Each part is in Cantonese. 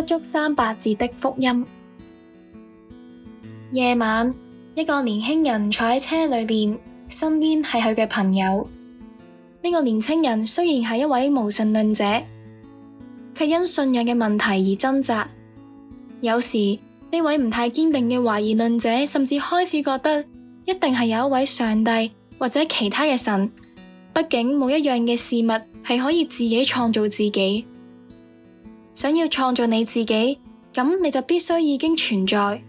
不足三百字的福音。夜晚，一個年輕人坐喺車裏邊，身邊係佢嘅朋友。呢個年輕人雖然係一位無神論者，卻因信仰嘅問題而掙扎。有時，呢位唔太堅定嘅懷疑論者，甚至開始覺得，一定係有一位上帝或者其他嘅神。畢竟，冇一樣嘅事物係可以自己創造自己。想要創造你自己，咁你就必須已經存在。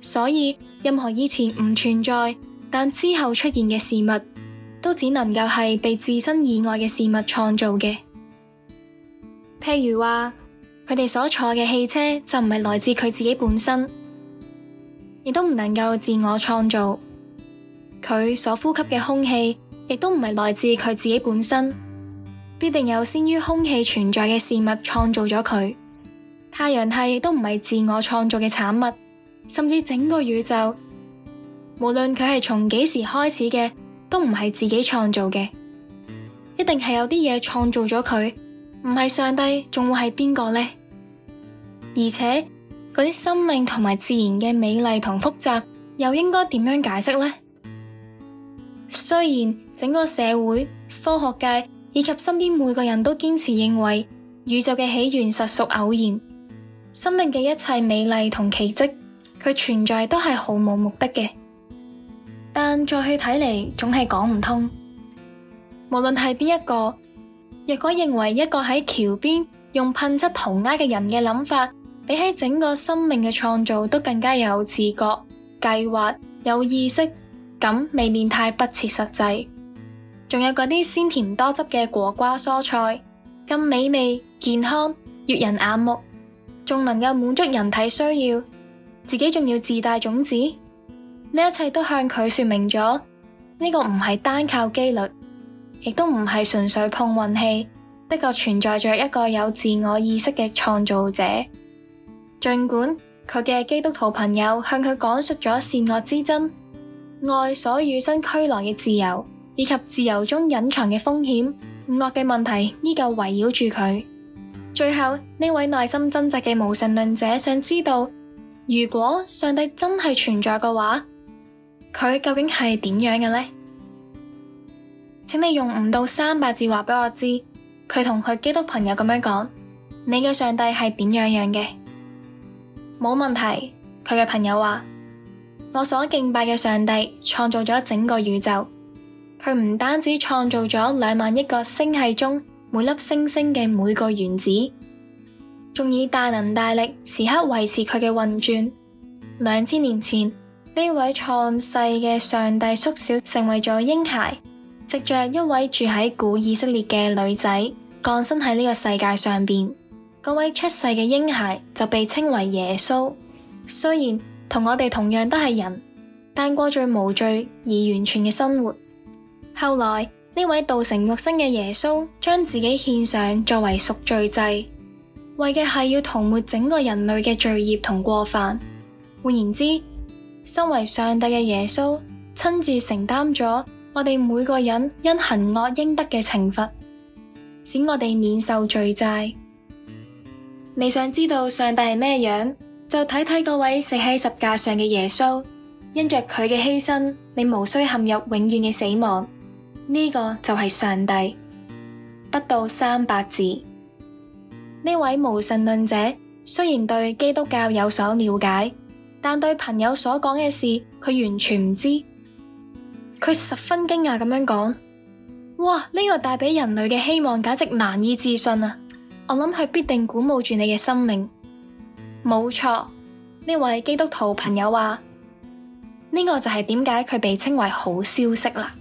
所以任何以前唔存在但之後出現嘅事物，都只能夠係被自身以外嘅事物創造嘅。譬如話，佢哋所坐嘅汽車就唔係來自佢自己本身，亦都唔能夠自我創造。佢所呼吸嘅空氣亦都唔係來自佢自己本身。必定有先於空氣存在嘅事物創造咗佢，太陽系亦都唔係自我創造嘅產物，甚至整個宇宙，無論佢係從幾時開始嘅，都唔係自己創造嘅，一定係有啲嘢創造咗佢，唔係上帝，仲會係邊個呢？而且嗰啲生命同埋自然嘅美麗同複雜，又應該點樣解釋呢？雖然整個社會、科學界，以及身邊每個人都堅持認為宇宙嘅起源實屬偶然，生命嘅一切美麗同奇蹟，佢存在都係毫無目的嘅。但再去睇嚟，總係講唔通。無論係邊一個，若果認為一個喺橋邊用噴漆塗鴉嘅人嘅諗法，比起整個生命嘅創造都更加有自覺、計劃、有意識，咁未免太不切實際。仲有嗰啲鮮甜多汁嘅果瓜蔬菜，咁美味健康，悅人眼目，仲能夠滿足人體需要。自己仲要自帶種子，呢一切都向佢說明咗，呢個唔係單靠機率，亦都唔係純粹碰運氣，的確存在着一個有自我意識嘅創造者。盡管佢嘅基督徒朋友向佢講述咗善惡之爭、愛所與生俱來嘅自由。以及自由中隱藏嘅風險、惡嘅問題，依舊圍繞住佢。最後，呢位內心掙扎嘅無神論者想知道，如果上帝真係存在嘅話，佢究竟係點樣嘅呢？請你用唔到三百字話俾我知，佢同佢基督朋友咁樣講，你嘅上帝係點樣樣嘅？冇問題，佢嘅朋友話：我所敬拜嘅上帝創造咗整個宇宙。佢唔單止創造咗兩萬億個星系中每粒星星嘅每個原子，仲以大能大力時刻維持佢嘅運轉。兩千年前，呢位創世嘅上帝縮小成為咗嬰孩，藉着一位住喺古以色列嘅女仔降生喺呢個世界上邊。嗰位出世嘅嬰孩就被稱為耶穌。雖然同我哋同樣都係人，但過着無罪而完全嘅生活。後來呢位道成肉身嘅耶穌將自己獻上作為贖罪祭，為嘅係要塗抹整個人類嘅罪孽同過犯。換言之，身為上帝嘅耶穌親自承擔咗我哋每個人因行惡應得嘅懲罰，使我哋免受罪債。你想知道上帝係咩樣，就睇睇嗰位死喺十架上嘅耶穌。因着佢嘅犧牲，你無需陷入永遠嘅死亡。呢個就係上帝，不到三百字。呢位無神論者雖然對基督教有所了解，但對朋友所講嘅事，佢完全唔知。佢十分驚訝咁樣講：哇！呢、這個帶畀人類嘅希望，簡直難以置信啊！我諗佢必定鼓舞住你嘅生命。冇錯，呢位基督徒朋友話：呢、這個就係點解佢被稱為好消息啦。